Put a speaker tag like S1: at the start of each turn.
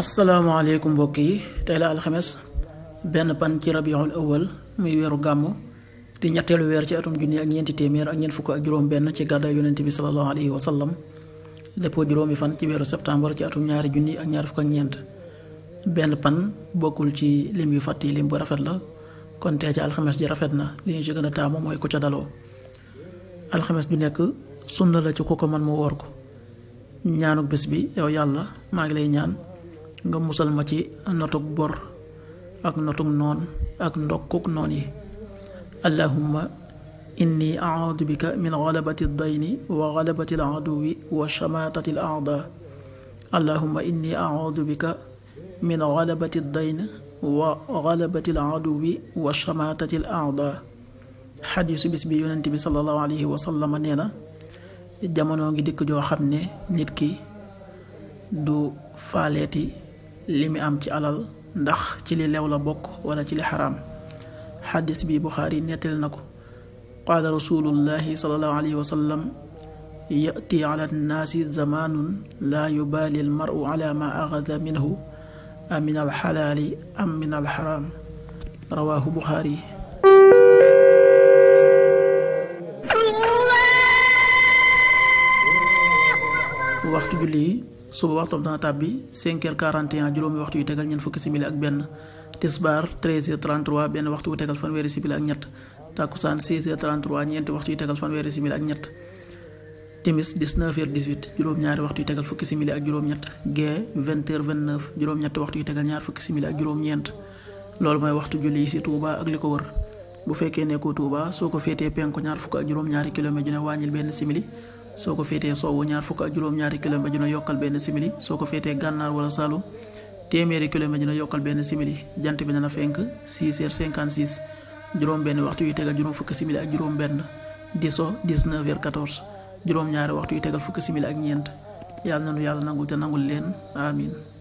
S1: asalaamaaleykum mbokk yi tey la alxames benn pan ci rabiul awal muy weeru gàmmu di ñetteelu weer ci atum junni ak ñeenti téeméer ak ñeent fukk ak juróom-benn ci gàddaay yonent bi sallallahu alayhi wa sallam dëppoo juróomi fan ci weeru ci atum ñaari junni ak ñaar fukk ñeent benn pan bokkul ci lim yu fàtt yi lim bu rafet la kon tey ci alxames ji rafet na li ñu ci gën a taamu mooy ku ca daloo alxames ju nekk sunna la ci ku ko man mu woor ko ñaanuk bés bi yow yàlla maa ngi lay ñaan. nga musal ma ci notug bor ak notug noon ak ndokkuk noon yi allahumma inni audu bika min galabati dayni wa galabati aladuwi wa shamatati alaada allahumma inni audu bika min galabati wa galabati aladuwi wa shamatati alaada xadiisu bis bi yonent bi alayhi wa sallam nee na ngi dikk joo ne nit ki du faaleeti li am ci alal ndax ci li lew la bokk wala ci li xaraam xaddis bi buxaari nettali na ko qaala rasulullahi salallahu alayhi wa yati ala nnaasi zamaanun laa yubaali almaru ala ma minhu am min alxalaali am min alxaraam rawaahu buxaari suba waxtoom dana tàbbi 5 heures 41 juróomi waxtu yu tegal ñeent fukki simili ak benn tisbaar 13 heures 33 benn waxtu wu tegal fanweeri simili ak ñett takkusaan 16 heures 33 ñeenti waxtu yu tegal fanweeri simili ak ñett timis 19 heures 18 juróom-ñaari waxtu yu tegal fukki simili ak juróom-ñett gee 20 heures 29 juróom-ñetti waxtu yu tegal ñaar fukki simili ak juróom-ñeent loolu mooy waxtu julli yi ci Touba ak li ko wër bu fekkee nekkoo Touba soo ko féetee penku ñaar fukk ak juróom-ñaari kilomètre ju benn simili soo ko féetee soowu ñaar fukk ak juróom-ñaari kilomètre dina yokkal benn simili soo ko féetee gànnaar wala Saalum téeméeri kilomètre dina yokkal benn simili jant bi dana fenk 6h56 juróom-benn waxtu yu tegal juróom fukki simili ak juróom-benn di so 19 h juróom-ñaari waxtu yu tegal fukki simili ak ñeent yàlla na nu yàlla nangul te nangul leen amin